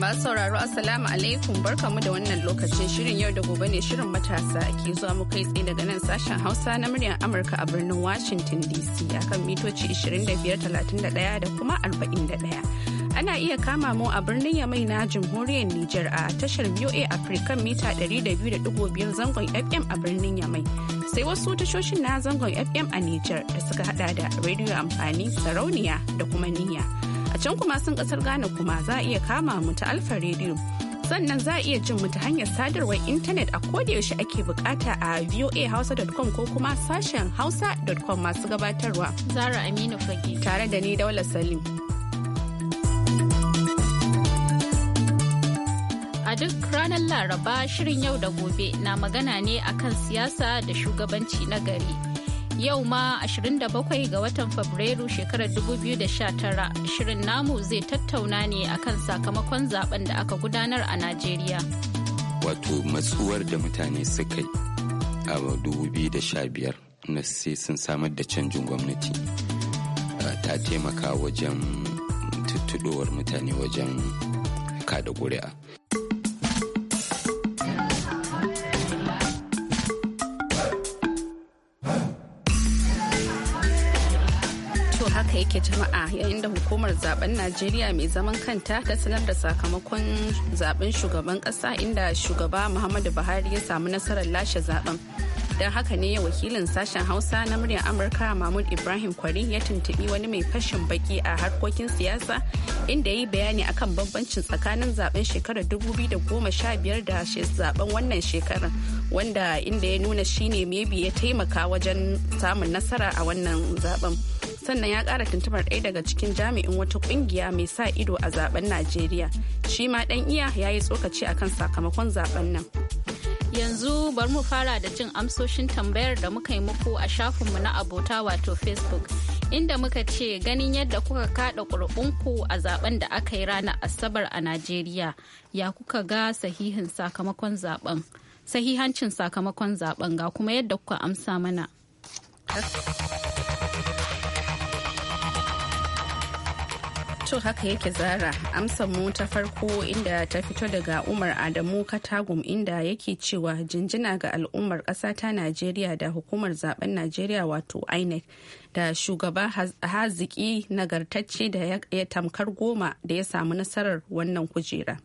Masu sauraro Assalamu alaikum barkamu da wannan lokacin shirin yau da gobe ne shirin matasa ke zuwa mu kai tsaye daga nan sashen Hausa na muryar Amurka a birnin Washington DC akan mitoci 2531 da kuma 41. Ana iya kama mu a birnin Yamai na Jamhuriyar Nijar a tashar VOA Africa mita 200.5 zangon FM a birnin Yamai. Sai wasu tashoshin na zangon FM a Nijar da suka hada da rediyo amfani sarauniya da kuma niyya. A can kuma sun kasar Ghana kuma za a iya kama mu ta Alfa Radio. Sannan za a iya jin mu ta hanyar sadarwar intanet a yaushe ake bukata a voahausa.com ko kuma sashen hausa.com masu gabatarwa. Zara Aminu Fage. Tare da ni Daula Salim. A duk ranar Laraba shirin yau da gobe na magana ne akan siyasa da shugabanci na gari. Yau ma 27 ga watan Fabrairu shekarar 2019 shirin namu zai tattauna ne a kan sakamakon zaben da aka gudanar a Najeriya. Wato matsuwar da mutane suka yi a 2015 na sai sun samar da canjin gwamnati ta taimaka wajen tuttuɗowar mutane wajen kada ƙuri'a. yake jama'a yayin da hukumar zaben najeriya mai zaman kanta ta sanar da sakamakon zaben shugaban kasa inda shugaba muhammadu buhari ya samu nasarar lashe zaben don haka ne wakilin sashen hausa na muryar amurka mahmud ibrahim kwari ya tuntubi wani mai fashin baki a harkokin siyasa inda ya yi bayani akan bambancin tsakanin zaben shekarar 2015 da zaben wannan shekarar wanda inda ya nuna shine mebi ya taimaka wajen samun nasara a wannan zaben sannan ya kara tuntubar ɗaya daga cikin jami'in wata kungiya mai sa ido a zaben najeriya shi ma ɗan iya ya yi tsokaci kan sakamakon zaben nan yanzu bari mu fara da jin amsoshin tambayar da muka yi muku a shafinmu na abota wato facebook inda muka ce ganin yadda kuka kada ƙuri'unku a zaben da aka yi ranar asabar a najeriya ya kuka ga sahihin sakamakon zaben sahihancin sakamakon zaben ga kuma yadda kuka amsa mana to haka yake zara amsar mu ta farko inda ta fito daga umar adamu katagum inda yake cewa jinjina ga al'ummar ƙasa ta najeriya da hukumar zaben najeriya wato inec da shugaba haziki nagartacce da ya tamkar goma da ya samu nasarar wannan kujera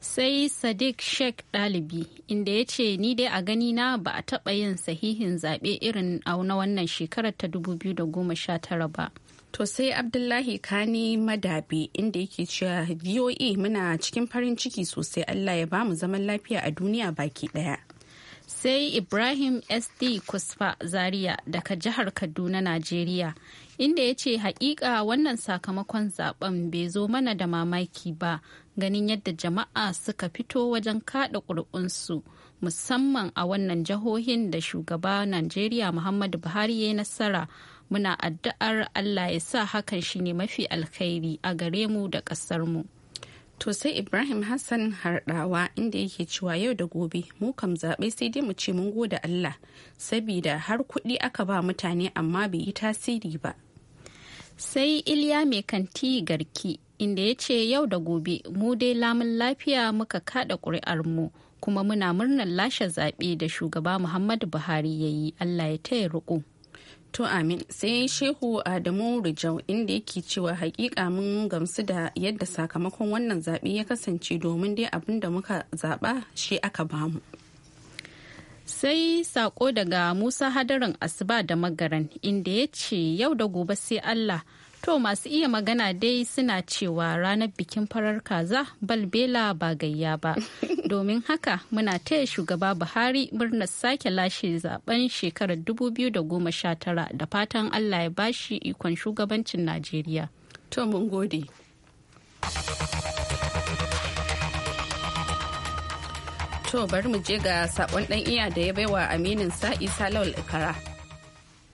sai sadiq sheikh dalibi inda ya ce ni dai a gani na ba a taba yin sahihin zaɓe irin na wannan shekarar ta 2019 ba To sai Abdullahi Kani madabi inda yake cewa VOA muna cikin farin ciki sosai Allah ya bamu zaman lafiya a duniya baki daya. Sai Ibrahim SD Kusfa Zaria daga jihar Kaduna, Najeriya, inda ya ce haƙiƙa wannan sakamakon zaben bai zo mana da mamaki ba ganin yadda jama'a suka fito wajen kada ƙuri'unsu musamman a wannan jihohin da shugaba Najeriya Muhammadu Buhari ya yi nasara. muna addu'ar Allah ya sa hakan shi ne mafi alkhairi a gare mu da ƙasar mu. To sai Ibrahim Hassan harɗawa inda yake cewa yau da gobe mu kam zaɓe sai dai mu ce mun gode Allah sabida har kuɗi aka ba mutane amma bai yi tasiri ba. Sai Iliya mai kanti garki inda ya ce yau da gobe mu dai lamun lafiya muka kaɗa ƙuri'ar mu kuma muna murnar lashe zaɓe da shugaba Muhammadu Buhari ya yi Allah ya taya riƙo. To amin sai Shehu Adamu Rijau inda yake cewa hakika mun gamsu da yadda sakamakon wannan zaɓe ya kasance domin dai abin da muka zaɓa shi aka bamu. Sai sako daga Musa Hadarin Asuba da Magaran inda ya ce yau da gobe sai Allah To masu iya magana dai suna cewa ranar bikin farar kaza balbela ba gayya ba. Domin haka muna taya shugaba Buhari murnar sake lashe zaben shekarar 2019 da fatan Allah ya bashi ikon shugabancin Najeriya. To mun gode. To bari mu je ga sakon dan iya da ya baiwa aminin sa isa ikara.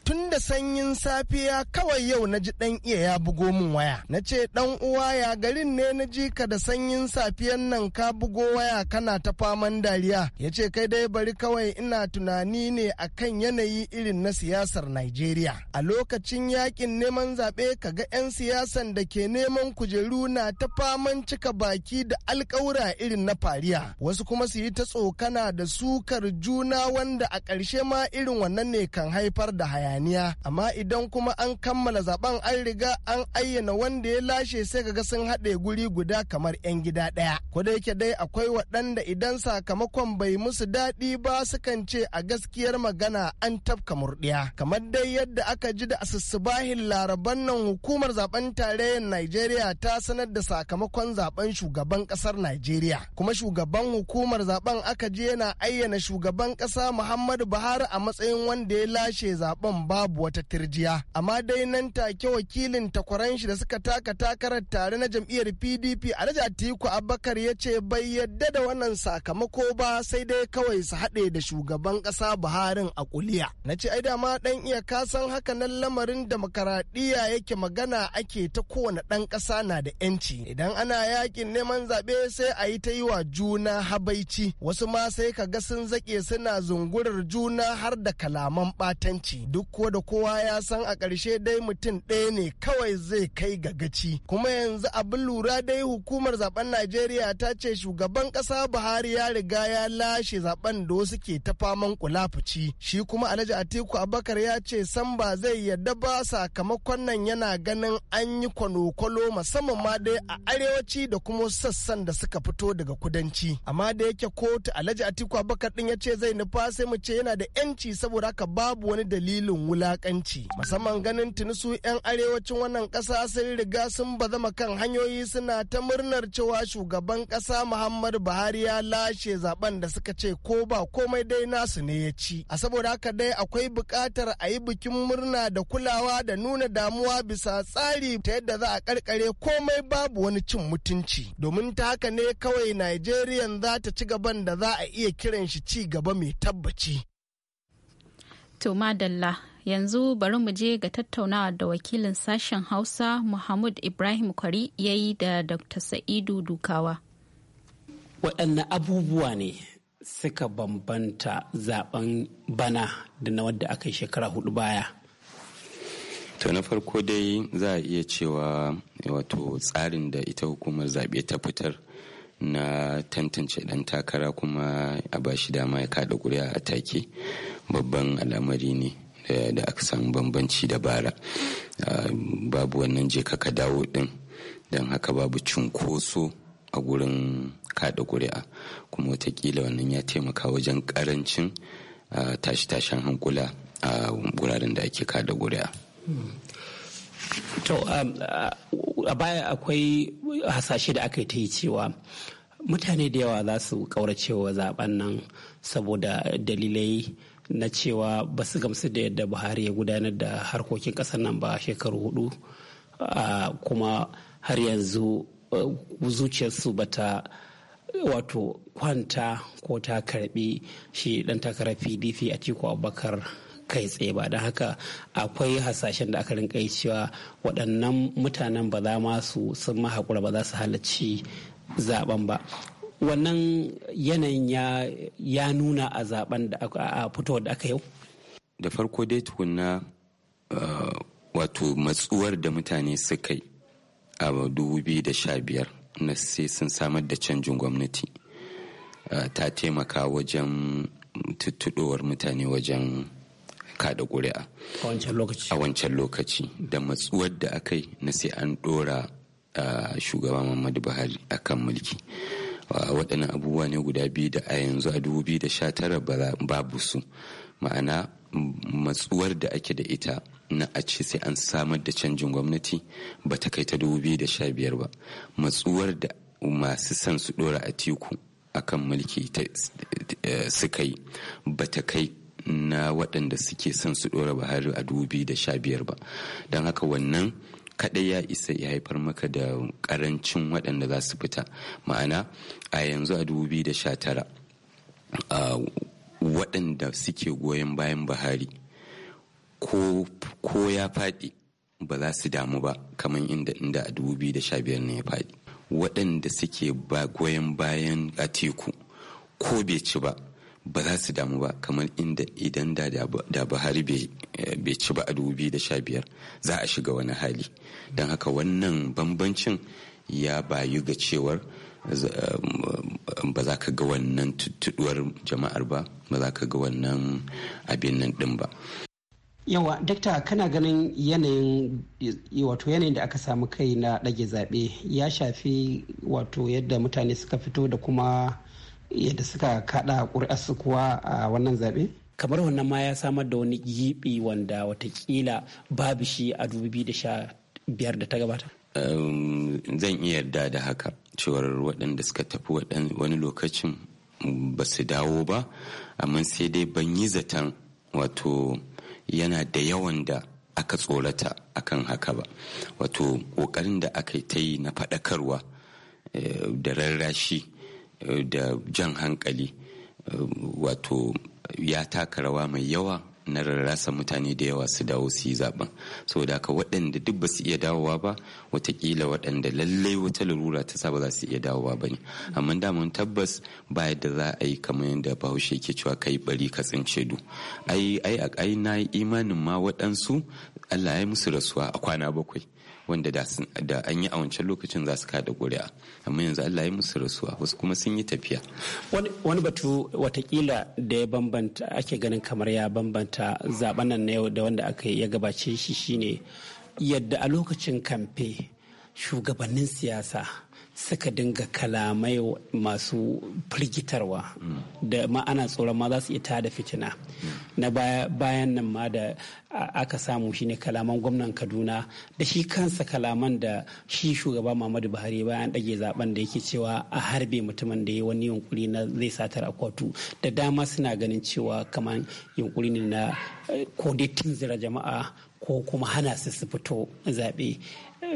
tun da sanyin safiya kawai yau na ji dan iya ya bugo min waya na ce dan uwa ya garin ne na ji ka da sanyin safiyan nan ka bugo waya kana ta faman dariya ya ce kai dai bari kawai ina tunani ne akan yanayi irin na siyasar Najeriya a lokacin yakin neman zaɓe ka ga 'yan siyasan da ke neman kujeru na ta faman cika baki da alkawura irin na fariya wasu kuma su yi ta tsokana da sukar juna wanda a ƙarshe ma irin wannan ne kan haifar da haya hayaniya amma idan kuma an kammala zaben an riga an ayyana wanda ya lashe sai kaga sun haɗe guri guda kamar 'yan gida ɗaya ko da yake dai akwai waɗanda idan sakamakon bai musu daɗi ba sukan ce a gaskiyar magana an tafka murɗiya kamar dai yadda aka ji da asusubahin laraban nan hukumar zaben tarayyar Najeriya ta sanar da sakamakon zaben shugaban ƙasar Najeriya kuma shugaban hukumar zaben aka je yana ayyana shugaban ƙasa Muhammadu Buhari a matsayin wanda ya lashe zaben babu wata tirjiya amma dai nan take wakilin takwaran shi da suka taka takarar tare na jam'iyyar pdp alhaji atiku abubakar ya ce bai yadda da wannan sakamako ba sai dai kawai su haɗe da shugaban ƙasa buharin a kuliya na ce ai ma ɗan iya kasan haka nan lamarin demokaradiyya yake magana ake ta kowane ɗan ƙasa na da 'yanci idan ana yakin neman zaɓe sai a yi ta yi wa juna habaici wasu ma sai ka ga sun zaƙe suna zungurar juna har da kalaman ɓatanci duk ko da kowa ya san a ƙarshe dai mutum ɗaya ne kawai zai kai ga gaci kuma yanzu abin lura dai hukumar zaben najeriya ta ce shugaban ƙasa buhari ya riga ya lashe zaben da wasu ke ta faman fici shi kuma alhaji atiku abakar ya ce san ba zai yadda ba sakamakon nan yana ganin an yi kwano-kwalo musamman ma dai a arewaci da kuma sassan da suka fito daga kudanci amma da yake kotu alhaji atiku abakar din ya ce zai nufa sai mu ce yana da yanci saboda haka babu wani dalilin wulakanci musamman ganin tuni su 'yan arewacin wannan ƙasa sun riga sun bazama kan hanyoyi suna ta murnar cewa shugaban ƙasa muhammadu buhari ya lashe zaben da suka ce ko ba komai dai nasu ne ya ci a saboda haka dai akwai buƙatar a yi bikin murna da kulawa da nuna damuwa bisa tsari ta yadda za a karkare komai babu wani cin mutunci domin ta haka ne kawai Nigerian za ta ci gaban da za a iya kiran shi ci gaba mai tabbaci. To madalla yanzu bari mu je ga tattaunawa da wakilin sashen Hausa Muhammad Ibrahim Kwari ya yi da Dr. Sa'idu Dukawa. Waɗanne abubuwa ne suka bambanta zaben bana da na wadda aka yi shekara hudu baya? To na farko dai za a iya cewa wato tsarin da ita hukumar zaɓe ta fitar. na tantance dan takara kuma a bashi dama ya kada kuri'a a take babban al'amari ne da aka samu bambanci da bara ah, babu wannan je ka dawo din don haka babu cunkoso a gurin kada kuri'a kuma watakila wannan ya taimaka wajen karancin ah, tashi-tashen hankula a wuraren da ake kada kuri'a To, um, a baya akwai hasashe da aka yi ta yi cewa mutane da yawa za su kauracewa zaben nan saboda dalilai na cewa ba su gamsu da yadda buhari ya gudanar da harkokin ƙasar nan ba shekaru hudu kuma har yanzu zuciyarsu ba ta wato kwanta ko ta karbi shi dan takarar pdp a ciko abubakar kai tsaye ba don haka akwai hasashen da aka rinka yi cewa waɗannan mutanen ba za ma su sun ma ba za su halarci zaben ba wannan yanayin ya nuna a zaben da a fitowar da aka yau da farko dai tukunna uh, wato matsuwar da mutane suka yi a 2015 na sai sun samar da canjin gwamnati uh, ta taimaka wajen tuttuɗowar mutane wajen kada ƙuri'a a wancan lokaci da matsuwar da aka yi na sai an ɗora uh, shugaban muhammadu buhari akan mulki. mulki waɗannan abubuwa ne guda biyu da a yanzu a 2019 babu su ma'ana matsuwar da ake da ita na a ce sai an samar da canjin gwamnati ba ta kai ta 2015 ba matsuwar da masu san su ɗora a tiku akan mulki eh, suka yi ba ta kai na waɗanda suke son su ba buhari a 2015 ba don haka wannan kaɗai ya isa ya haifar maka da ƙarancin waɗanda za su fita ma'ana a yanzu a 2019 waɗanda suke goyon bayan buhari ko ya faɗi ba za su damu ba kamar inda inda a 2015 ne ya faɗi waɗanda suke ba goyon bayan a teku ko bai ci ba ba za su damu ba kamar inda idan da buhari eh, bai ci ba a 2015 za a shiga wani hali don haka wannan bambancin ya bayu ga cewar um, ba za ka ga wannan tuttuduwar jama'ar ba ba za ka ga wannan abin nan din ba yawa dakta kana ganin yanayin wato yanayin da aka samu kai na ɗage zaɓe ya shafi wato yadda mutane suka fito da kuma yadda suka kaɗa ƙuri'arsu kuwa a wannan zaɓe kamar wannan ma ya samar da wani giɓi wanda watakila babu shi a biyar da ta gabata zan iya yarda da haka cewar waɗanda suka tafi wani lokacin ba su dawo ba amma sai dai ban yi zaton wato yana da yawan da aka tsorata akan haka ba wato ƙoƙarin da aka yi ta yi na faɗakarwa eh, da rarrashi eh, da jan hankali eh, wato ya taka rawa mai yawa na rarrasa mutane da yawa su dawo su yi zaben saboda haka waɗanda duk ba su iya dawowa ba watakila waɗanda lallai wata larura ta sa ba za su iya dawowa ba ne amma mun tabbas ba yadda za a yi kamar yadda bahaushe ke cewa kai bari ka tsince du ai ai ai na imanin ma waɗansu Allah ya musu rasuwa a kwana bakwai wanda da an yi a wancan lokacin za su kada ƙuri'a amma yanzu Allah ya musu rasuwa wasu kuma sun yi tafiya wani batu watakila da ya bambanta ake ganin kamar ya bambanta zaben nan na yau da wanda aka ya gabace shi shine yadda a lokacin kamfe shugabannin siyasa suka dinga kalamai masu firgitarwa mm. da ma ana tsoron ma za su iya tada fitina mm. na bayan nan ma da aka samu shi ne kalaman gwamnan kaduna da shi kansa kalaman da shi shugaba muhammadu buhari bayan ɗage zaben da yake cewa a harbe mutumin da ya wani yunkuri na zai satar a kotu da dama suna ganin cewa kamar yunkuri ne na kodetin zira jama'a ko kuma hana su su fito zaɓe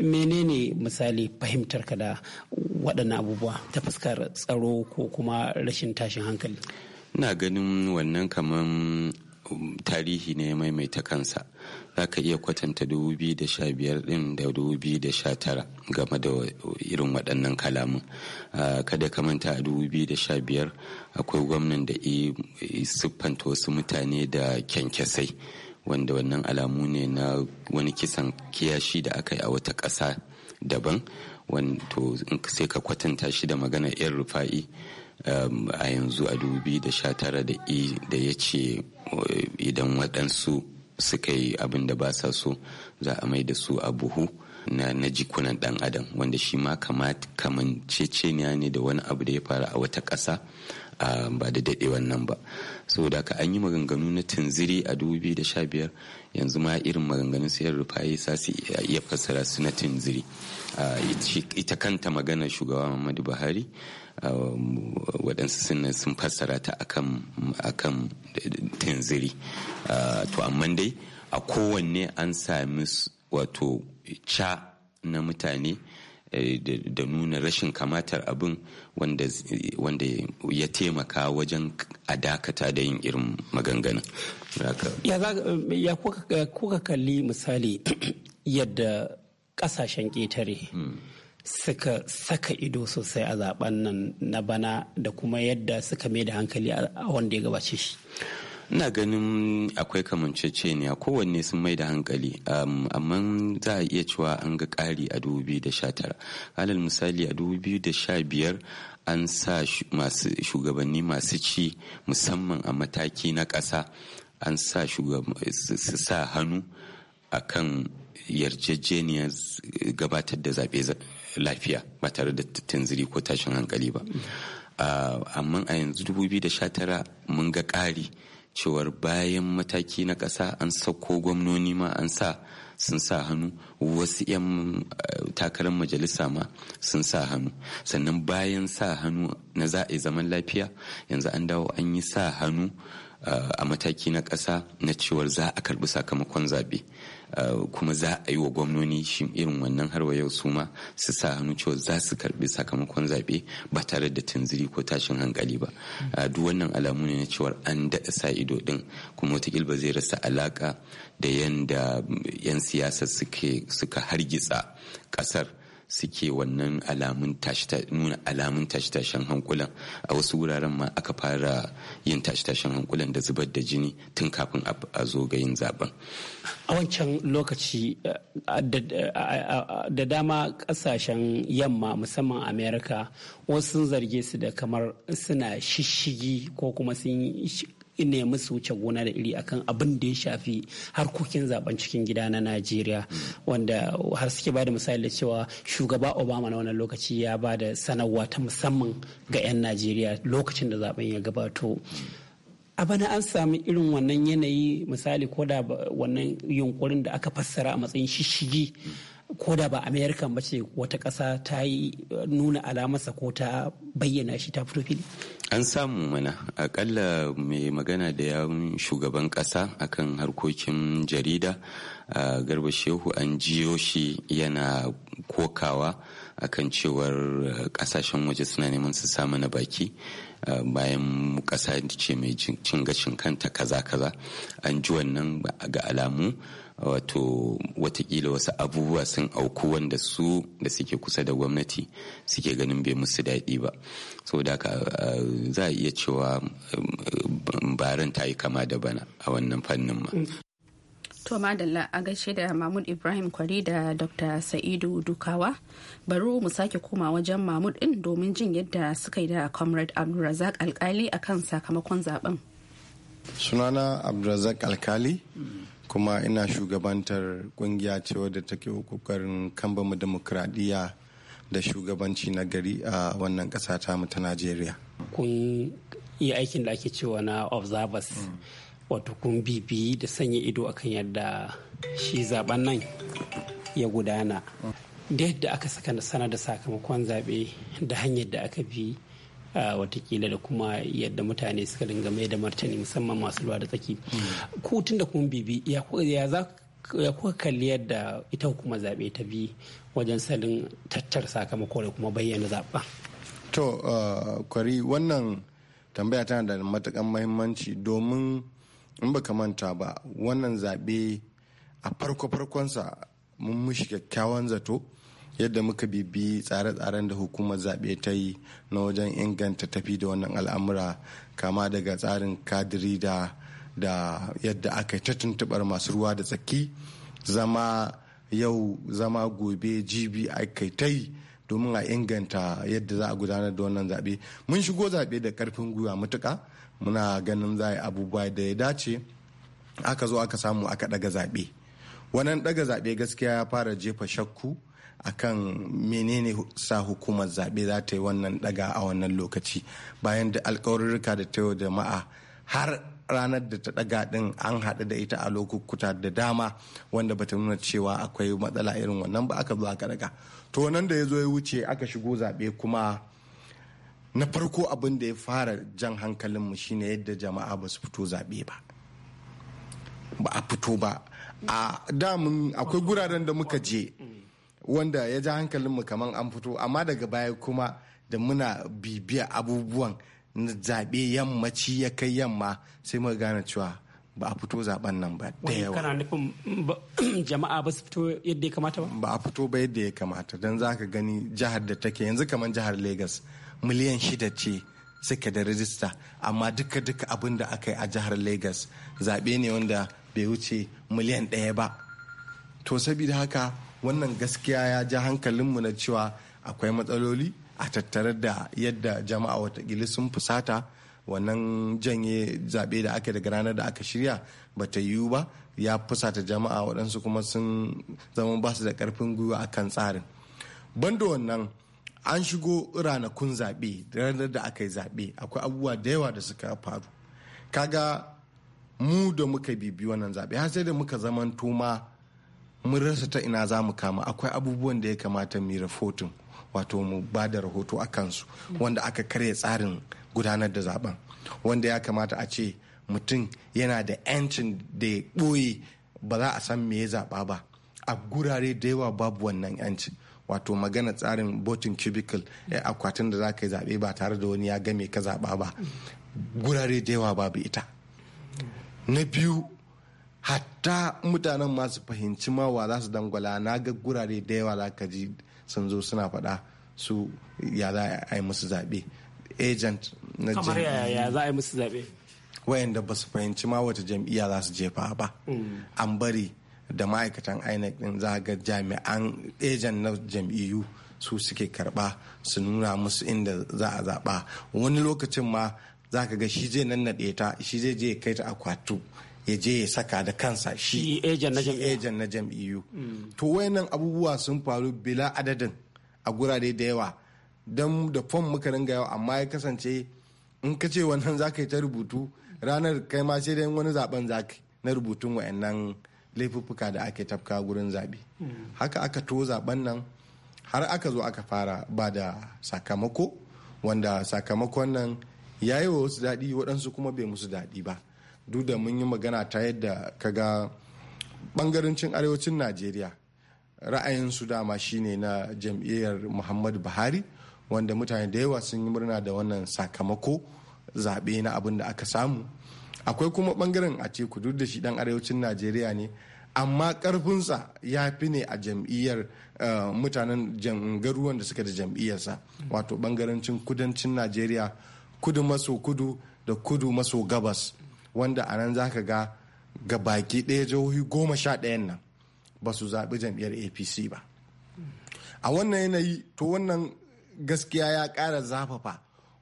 menene misali fahimtar ka da waɗannan abubuwa ta fuskar tsaro ko kuma rashin tashin hankali na ganin wannan kaman Um, tarihi ne maimaita kansa za ka iya kwatanta 2015 din da 2019 game da irin waɗannan kalamun ah, kada ka manta a 2015 akwai gwamnan da siffanta wasu mutane da kyankyasai wanda wannan alamu ne na wani kisan kiyashi da aka yi a wata ƙasa daban wato sai ka kwatanta shi da magana 'yan rufa'i Um, a yanzu a 2019 da da ya ce eh, idan waɗansu suka yi abin da ba sa so za a mai da su a buhu na, jikunan ɗan adam wanda shi ma kamanceceniya ne da wani abu da ya faru a wata ƙasa um, ba da daɗewan nan ba saboda ka an yi maganganu na tunziri a biyar yanzu ma irin maganganun sayar rufaye sa su iya fassara su na tunziri ah, ita kanta maganar shugaba muhammadu buhari Um, waɗansu sun fassara ta akan tanziri uh, to amma dai a kowanne an sami wato ca na mutane eh, da nuna rashin kamatar abin wanda ya taimaka wajen a dakata da yin irin maganganu. ya kuka kalli misali yadda kasashen ƙetare hmm. suka saka ido sosai a zaben nan na bana da kuma yadda suka mai da hankali a wanda ya gabace shi ina ganin akwai a kowanne sun mai da hankali amma za a iya cewa an ga ƙari a 2019 alal misali a 2015 an sa shugabanni masu ci musamman a mataki na ƙasa an sa su sa hannu akan kan yarjejeniyar gabatar da zaɓe lafiya ba tare da tanziri ko tashin hankali ba ah, amma a yanzu 2019 mun ga ƙari cewar bayan mataki na ƙasa an sauko gwamnoni ma an sa sun sa hannu wasu 'yan eh, takarar majalisa ma sun sa hannu sannan bayan sa hannu na za a yi zaman lafiya yanzu an dawo an yi sa hannu ah, a mataki na ƙasa na cewar za a karbi sakamakon zaɓe Eh, kuma za a yi wa gwamnoni shi irin wannan har yau su ma su sa hannu cewa za su karbi sakamakon zaɓe ba tare da tunziri ko tashin hankali ba eh, duk wannan alamu ne na cewar an daɗa sa ido din kuma wataƙil ba zai rasa alaƙa da yanda mm, 'yan siyasa suka hargitsa ƙasar suke wannan alamun nuna alamun tashi tashen hankulan a wasu wuraren ma aka fara yin tashi tashen hankulan da zubar da jini tun kafin a zo ga yin zaben a wancan lokaci eh, eh, da dama kasashen yamma musamman amerika wasu sun zarge su da kamar suna shishigi ko kuma sun in ne musu wuce gona da iri akan abin da ya shafi harkokin zaben cikin gida na najeriya wanda har suke bada misali da cewa shugaba obama na wannan lokaci ya bada sanarwa ta musamman ga 'yan najeriya lokacin da zaben ya gabato a bana an sami irin wannan yanayi misali ko da wannan yunkurin da aka fassara a matsayin shishigi ko da ba amerika ba ce wata ƙasa ta yi nuna alamarsa ko ta bayyana shi ta fito fili an samu mana akalla mai magana da yawun shugaban kasa akan harkokin jarida a garba shehu an jiyo shi yana kokawa akan cewar kasashen waje suna neman su samu na baki bayan kasa ce mai cin gashin kanta kaza kaza an ji wannan ga alamu wato watakila wasu abubuwa sun auku wanda su da suke kusa da gwamnati suke ganin bai musu daɗi ba saboda ka eh, za a iya cewa eh, barin ta yi kama da bana a wannan fannin ma To Madalla a gaishe da Mahmud Ibrahim Kwari da Dr. Sa'idu Dukawa bari mu sake koma wajen Mahmud ɗin domin jin yadda suka yi da Comrade Abdulrazak Alkali kan sakamakon zaben. Sunana Abdulrazak Alkali kuma ina shugabantar kungiya ce wadda take kokarin kambama demokradiyya da shugabanci na gari a wannan ƙasa ta mu ta najeriya kun yi aikin da ake cewa na observers mm. wato kun bibi da sanya ido akan yadda shi zaben nan ya gudana mm. da yadda aka saka sanar da sakamakon zaɓe da hanyar da aka bi watakila da kuma yadda mutane suka dinga mai da martani musamman masu ruwa da tsaki mm. ku tun da kun bibi ya za ya kuka kalli yadda ita hukumar zaɓe ta bi wajen salin tattar sakamako da kuma bayyana zaɓa. to uh, kwari wannan tambaya tana da matakan mahimmanci domin in baka manta ba wannan zaɓe a farko-farkonsa mun mushi kyakkyawan zato yadda muka bibi tsare-tsaren da hukumar zaɓe ta yi na wajen inganta tafi da wannan al'amura kama daga tsarin kadiri da da yadda aka yi ta tuntubar masu ruwa da tsaki zama yau zama gobe jibi aka yi ta yi domin a inganta yadda za a gudanar da wannan zaɓe mun shigo zaɓe da ƙarfin gwiwa matuƙa muna ganin za a yi abubuwa da ya dace aka zo aka samu aka ɗaga zaɓe wannan ɗaga zaɓe gaskiya ya fara jefa shakku akan menene sa hukumar zaɓe za ta yi wannan ɗaga a wannan lokaci bayan da alkawarurruka da ta yi jama'a har ranar da ta daga din an haɗu da ita a lokukuta da dama wanda bata nuna cewa akwai matsala irin wannan ba aka zo aka daga to wannan da ya zo ya wuce aka shigo zaɓe kuma na farko abin da ya fara jan hankalinmu shine yadda jama'a ba su fito zaɓe ba ba a fito ba a damun akwai guraren da muka je wanda ya ja hankalinmu kamar an fito amma daga baya kuma da muna bibiya abubuwan zaɓe yammaci ya kai yamma sai muka gane cewa ba a fito zaben nan ba da yawa kana nufin jama'a ba su fito yadda ya kamata ba ba a fito ba yadda ya kamata don za ka gani jihar da take yanzu kamar jihar Legas miliyan shida ce suka da rajista amma duka duka abin da aka yi a jihar Legas zaɓe ne wanda bai wuce miliyan ɗaya ba to saboda haka wannan gaskiya ya ja hankalinmu na cewa akwai matsaloli a tattare da yadda jama'a watakila sun fusata wannan janye zaɓe da aka daga ranar da aka shirya ba ta yiwu ba ya fusata jama'a waɗansu kuma sun zama ba su da ƙarfin gwiwa a kan tsarin banda wannan an shigo ranakun zaɓe ranar da aka yi zaɓe akwai abubuwa da yawa da suka faru kaga mu da muka bibi wannan zaɓe har sai da muka zaman ma mun rasa ta ina za mu kama akwai abubuwan da ya kamata mu yi rahoton wato mu ba da rahoto a kansu wanda aka karya tsarin gudanar da zaben wanda ya kamata a ce mutum yana da 'yancin da ya ɓoye ba za a san me ya zaɓa ba a gurare da yawa babu wannan 'yancin wato magana tsarin botin cubicle eh, akwatin da za ka yi zaɓe ba tare da wani ya game ka zaɓa ba gurare da yawa babu ita na biyu hatta mutanen masu fahimci mawa wa za su dangwala na ga gurare da yawa za ka ji sun zo suna faɗa su ya za a yi musu zaɓe agent na kamar ya za a yi zaɓe wayanda ba su fahimci ma wata jam'iyya za su jefa ba mm. an bari da ma'aikatan inec din za ga jami'an ejan na jam'iyyu su suke karba su nuna musu inda za a zaɓa wani lokacin ma za ka ga shi zai nan na ta shi zai je kai ta akwatu ya je ya saka da kansa shi ejen na jam'iyyu mm. to wayannan abubuwa sun faru bila adadin a gurare da yawa don da fom muka ringa yau amma ya kasance in ka ce wannan za ka yi ta rubutu ranar kai ma sai dai wani zaben za na rubutun wayannan laifuffuka da ake tafka gurin zaɓe mm. haka aka to zaben nan har aka zo aka fara ba da sakamako wanda sakamakon nan ya yi wa wasu daɗi waɗansu kuma bai musu daɗi ba duk da mun yi magana ta yadda ka ga bangarancin arewacin najeriya ra'ayin su dama shine na jam'iyyar muhammadu buhari wanda mutane da yawa sun yi murna da wannan sakamako zaɓe na abin da aka samu akwai kuma bangaren a teku duk da shi dan arewacin najeriya ne amma karfinsa ya fi ne a jam'iyyar eh, mutanen garuruwan da suka da jam'iyyarsa wato bangarancin kudancin najeriya kudu maso kudu da kudu maso gabas wanda a nan za ka ga ga baki ɗaya jihohi goma sha ɗayan nan ba su zaɓi jam'iyyar apc ba a wannan yanayi to wannan gaskiya ya ƙara zafafa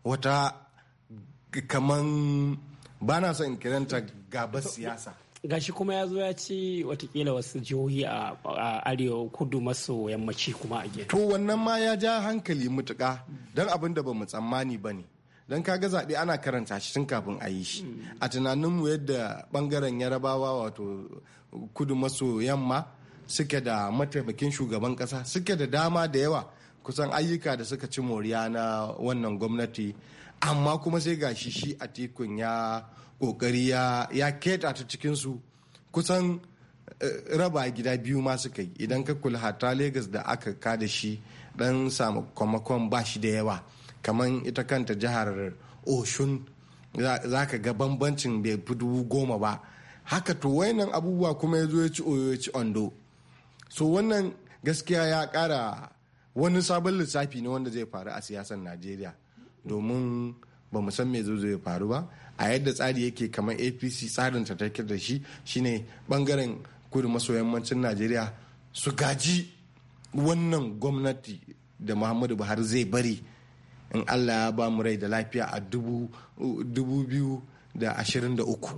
wata kaman ba na son kiranta gabar siyasa gashi kuma ya zo ya ci watakila wasu jihohi a arewa kudu maso yammaci kuma a gefe to wannan ma ya ja hankali mutuka don abin da ba mu tsammani ba ne don kaga zaɓe ana karanta shi tun kafin a yi shi hmm. a tunaninmu yadda ɓangaren yarabawa wato kudu maso yamma suke da mataimakin shugaban ƙasa suke da dama da yawa kusan ayyuka da suka ci moriya na wannan gwamnati amma kuma sai gashi shi a tikun ya ƙoƙari ya keta ta cikinsu kusan eh, raba gida biyu ma suka yi idan ka kula hata Legas da aka kada shi dan samu kwamakon ba shi da yawa kamar ita kanta jihar oshun za ka ga bambancin bai fi dubu goma ba haka to wayannan abubuwa kuma ya zo ya ci oyo ya ci ondo so wannan gaskiya ya kara wani sabon lissafi ne wanda zai faru a siyasar najeriya domin ba mu san me zai zo ya faru ba a yadda tsari yake kamar apc tsarin ta take da shi shine bangaren kudu maso yammacin najeriya su gaji wannan gwamnati da muhammadu buhari zai bari in allah ya ba mu rai da lafiya a dubu da ashirin da uku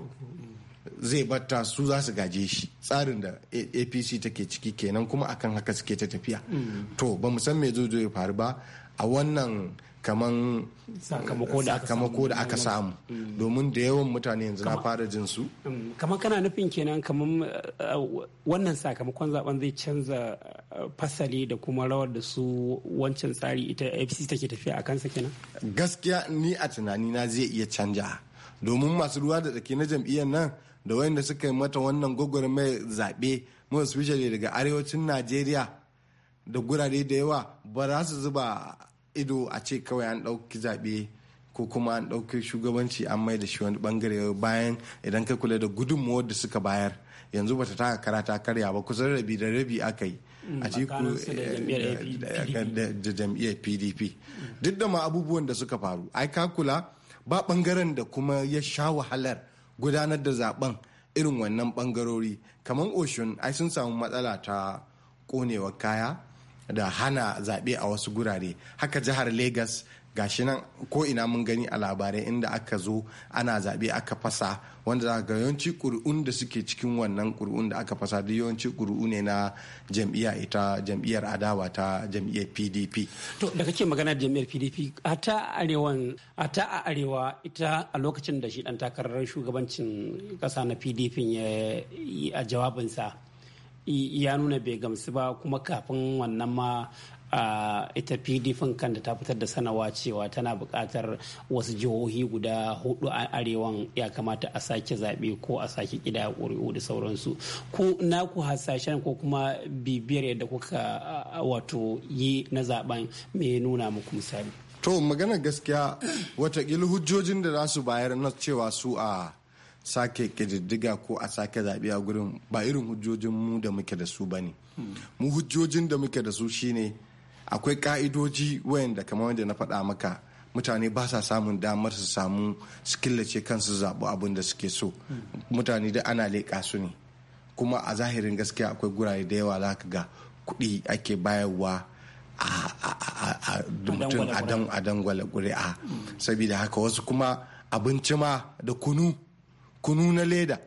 zai batta su za su gaje shi tsarin da apc take ciki kenan kuma akan haka suke ta tafiya mm. to ba mu san me zai ya faru ba a wannan kaman sakamako da aka samu mm. Mm. domin da yawan mutane yanzu na fara jin su mm. kamar kana nufin kenan kamar uh, uh, wannan sakamakon zaben zai canza uh, fasali da kuma rawar da su wancan tsari ita fc take tafiya a kansa kenan gaskiya ni a tunani na zai iya canja domin masu ruwa da tsaki na jam'iyyar nan da wayanda suka yi mata wannan gwagwarmayar zaɓe mu especially daga arewacin najeriya da gurare da yawa ba za su zuba ido a ce kawai an ɗauki zaɓe ko kuma an ɗauki shugabanci an mai da shi wani bangare bayan idan ka kula da gudunmuwar da suka bayar yanzu bata taka kara ta karya ba kusan rabi da rabi aka yi mm, a ciku eh, eh, da jam'iyyar pdp mm. duk da ma abubuwan da suka faru ai ka kula ba bangaren da kuma ya sha wahalar gudanar da zaben irin wannan bangarori kamar oshun ai sun samu matsala ta konewar kaya da hana zaɓe a wasu gurare haka jihar lagos gashi nan ko ina mun gani a labarai inda aka zo ana zaɓe aka fasa wanda za ga yawanci ƙuri'un da suke cikin wannan ƙuri'un da aka fasa duk yawanci ƙuri'u ne na jam'iyya ita jam'iyyar adawa ta jam'iyyar pdp to da kake magana da jam'iyyar pdp a ta arewan a ta arewa ita a lokacin da shi dan takarar shugabancin ƙasa na pdp ya a jawabinsa ya nuna bai gamsu ba kuma kafin wannan ma a ita pdp kanta ta fitar da sanawa cewa tana bukatar wasu jihohi guda hudu a arewan ya kamata a sake zaɓe ko a sake kida ƙuri'u da sauransu ku naku hasashen ko kuma bibiyar yadda kuka wato yi na zaben mai nuna muku misali to magana gaskiya watakila hujjojin da za su bayar na cewa su a sake kididdiga ko a sake zaɓe a gurin ba irin hujjojin mu da muke da su ba ne mu hujjojin da muke da su shine akwai ka'idoji wayanda kamar wanda na faɗa maka mutane ba sa samun damar su samu su killace kansu zaɓu abin da suke so mutane da ana leƙa su ne kuma a zahirin gaskiya akwai gurare da yawa za ka ga kuɗi ake bayarwa a dangwale a ƙuri'a saboda haka wasu kuma abinci ma da kunu kunu na leda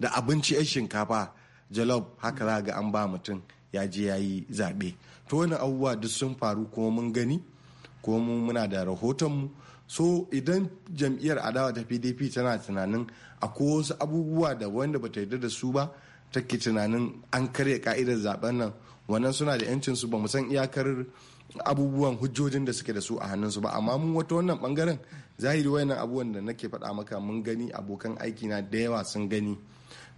da abinci 'yan shinkafa jalof haka za ga an ba mutum ya je ya yi zaɓe to wani abubuwa duk sun faru kuma mun gani kuma muna da rahotonmu so idan jam'iyyar adawa ta pdp tana tunanin akwai wasu abubuwa da wanda ba ta yarda da su ba take tunanin an karya ka'idar zaben nan wannan suna da yancin su ba mu san iyakar abubuwan hujjojin da suke da su a hannunsu ba amma mun wata wannan bangaren zahiri wayannan abubuwan da nake faɗa maka mun gani abokan aiki na da yawa sun gani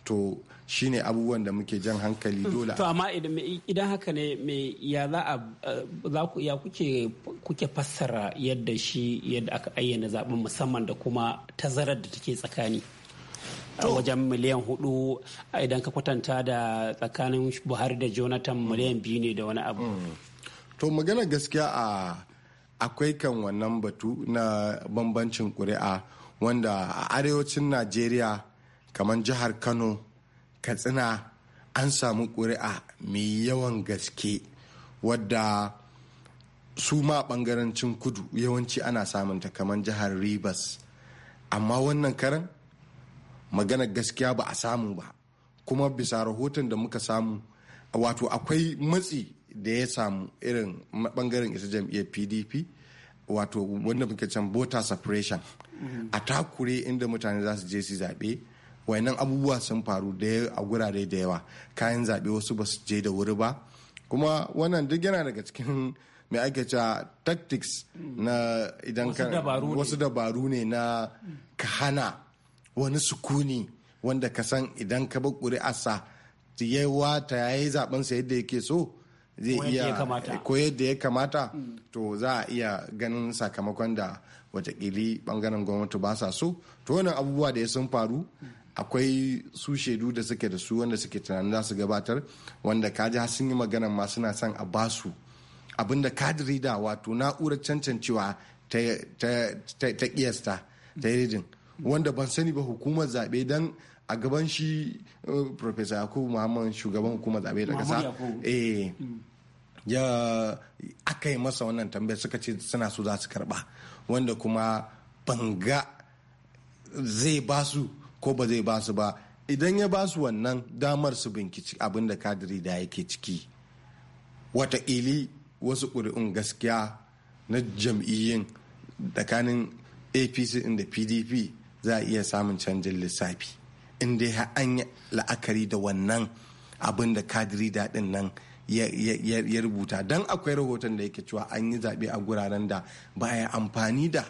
to shine abubuwan da muke jan hankali hmm. dole to amma idan haka ne me ya za a eh, za ku ya kuke kuke fassara yadda shi yadda aka ayyana zaben musamman da kuma tazarar da take tsakani wajen miliyan hudu idan ka kwatanta da tsakanin buhari da jonathan miliyan biyu ne da wani abu hmm. to magana gaskiya a akwai kan wannan batu na bambancin ƙuri'a wanda a arewacin najeriya kamar jihar kano katsina an samu ƙuri'a mai yawan gaske wadda su ma ɓangarancin kudu yawanci ana samunta kamar jihar rivers amma wannan karan magana gaskiya ba a samu ba kuma bisa rahoton da muka samu wato akwai matsi da ya samu irin bangaren isa jam'iyyar pdp wato wanda muke can voter suppression a takure inda mutane za su je su zaɓe wayannan abubuwa sun faru da a gurare da yawa kayan zaɓe wasu ba su je da wuri ba kuma wannan duk yana daga cikin mai ake cewa tactics na idan wasu dabaru ne na ka hana wani sukuni wanda ka san idan ka bi ƙuri'arsa ya ta ya yi zaɓensa yadda yake so zai iya ko yadda ya kamata to za a iya ganin sakamakon da watakili bangaren gwamnati ba sa so to wannan abubuwa da ya sun faru akwai su shaidu da suke da su wanda suke tunanin za su gabatar wanda kaji har sun yi magana ma suna son a ba su abinda kadiri da wato na'urar cancancewa ta kiyasta ta yi wanda ban sani ba hukumar zaɓe don a gaban shi uh, professor yakubu muhammad shugaban hukumar zabe da kasa eh mm. ya aka yi masa wannan tambayar suka ce suna so za su karba wanda kuma banga zai ba su ko ba zai ba su ba idan ya ba su wannan damar su binkici abin da kadiri da yake ciki wataƙili wasu ƙuri'un gaskiya na jam'iyyun tsakanin apc da pdp za a iya samun canjin lissafi in dai an yi la'akari da wannan abin da kadiri daɗin nan ya rubuta don akwai rahoton da yake cewa an yi zaɓe a guraren da ba yi amfani da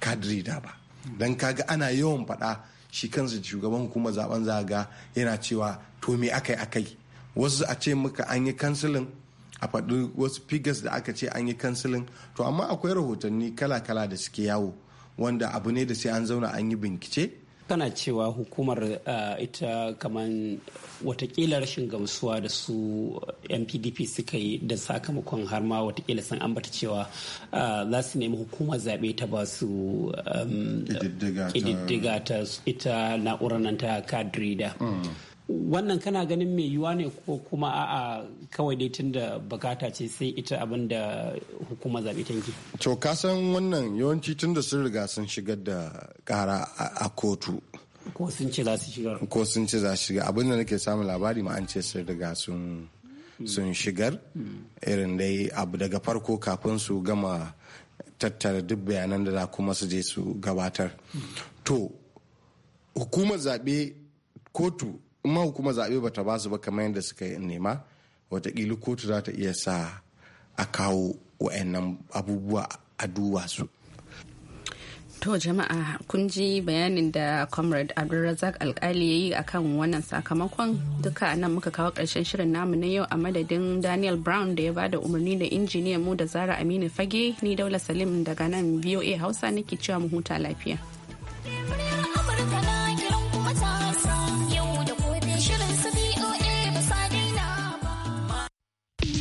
kadiri da ba don kaga ana yawan faɗa shi kansa shugaban hukumar zaben zaga yana cewa to me akai akai wasu a ce muka an yi kansilin a faɗi wasu figures da aka ce an yi kansilin to amma akwai rahotanni kala-kala da suke yawo wanda abu ne da sai an zauna an yi bincike kana cewa hukumar eh, ita kaman watakila rashin gamsuwa da su mpdp eh, suka yi da sakamakon har ma watakila sun ambata cewa eh, za su nemi hukumar zaɓe ta ba su ƙididdiga ta ita na'urar nan ta kadrida mm. wannan kana ganin mai yiwuwa ne ko kuma a'a kawai dai tun da bukata ce sai ita abin da hukuma zaɓe ta yi. to ka san wannan yawanci tun da sun riga sun shigar da ƙara a kotu ko sun ce za su shigar ko sun ce za su shigar abin da nake samun labari ma an ce sun riga sun sun shigar irin dai abu daga farko kafin su gama tattara duk bayanan da za kuma su je su gabatar to hukumar zaɓe kotu in ma hukuma zaɓe ba ta ba su ba kamar yadda suka yi nema wataƙila kotu za ta iya sa a kawo wa'annan abubuwa a duba su To jama'a kun ji bayanin da Comrade Abdulrazak alkali ya yi akan wannan sakamakon duka nan muka kawo ƙarshen shirin namu na yau a madadin Daniel Brown da ya bada umarni da injiniyan mu da Zara Aminu Fage ni Daula Salim daga nan VOA Hausa nake cewa mu huta lafiya.